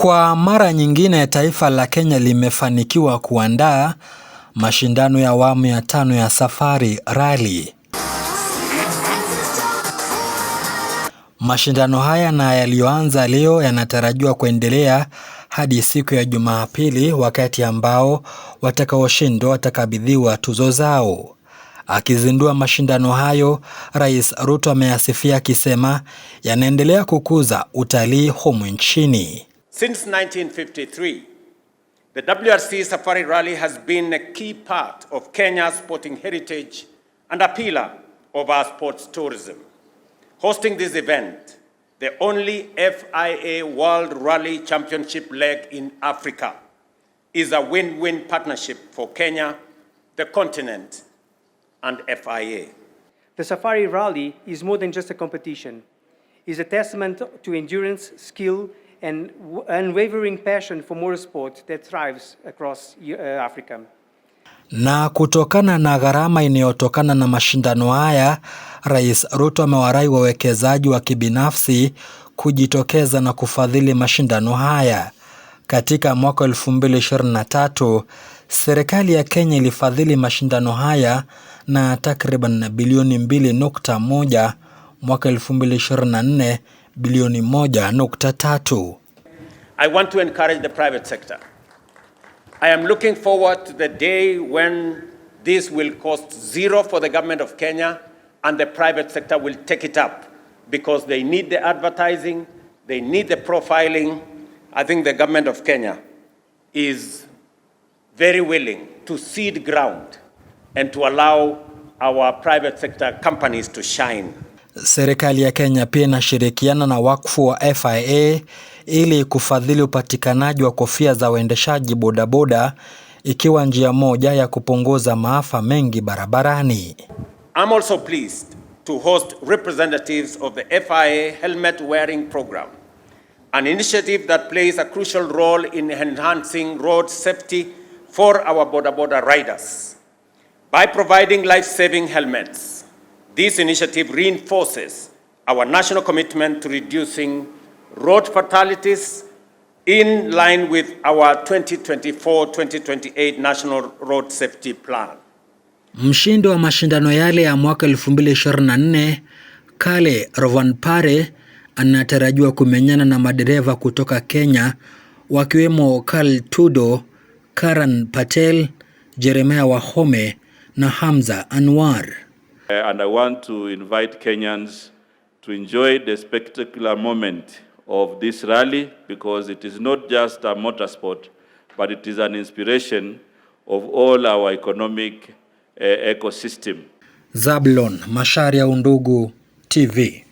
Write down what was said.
Kwa mara nyingine taifa la Kenya limefanikiwa kuandaa mashindano ya awamu ya tano ya Safari Rally. Mashindano haya na yaliyoanza leo yanatarajiwa kuendelea hadi siku ya Jumapili, wakati ambao watakaoshindwa watakabidhiwa tuzo zao. Akizindua mashindano hayo, Rais Ruto ameyasifia akisema yanaendelea kukuza utalii humu nchini. Since 1953, the WRC Safari Rally has been a key part of Kenya's sporting heritage and a pillar of our sports tourism. Hosting this event, the only FIA World Rally Championship leg in Africa, is a win-win partnership for Kenya, the continent, and FIA. The Safari Rally is more than just a competition. It's a testament to endurance, skill, and unwavering passion for motorsport that thrives across uh, Africa. Na kutokana na gharama inayotokana na mashindano haya, Rais Ruto amewarai wawekezaji wa kibinafsi kujitokeza na kufadhili mashindano haya. Katika mwaka 2023, serikali ya Kenya ilifadhili mashindano haya na takriban bilioni 2.1 mwaka 2024 bilioni 1.3. I want to encourage the private sector. I am looking forward to the day when this will cost zero for the government of Kenya and the private sector will take it up because they need the advertising, they need the profiling. I think the government of Kenya is very willing to cede ground and to allow our private sector companies to shine. Serikali ya Kenya pia inashirikiana na wakfu wa FIA ili kufadhili upatikanaji wa kofia za waendeshaji bodaboda ikiwa njia moja ya kupunguza maafa mengi barabarani. I'm also pleased to host representatives of the FIA helmet wearing program, an initiative that plays a crucial role in enhancing road safety for our bodaboda riders by providing life-saving helmets. This initiative reinforces our national commitment to reducing road fatalities in line with our 2024-2028 National Road Safety Plan. Mshindi wa mashindano yale ya mwaka 2024, Kale Rovanpare anatarajiwa kumenyana na madereva kutoka Kenya wakiwemo Karl Tudo, Karan Patel, Jeremiah Wahome na Hamza Anwar. Eh, and I want to invite Kenyans to enjoy the spectacular moment of this rally because it is not just a motorsport, but it is an inspiration of all our economic uh, ecosystem. Zablon Macharia, Undugu TV.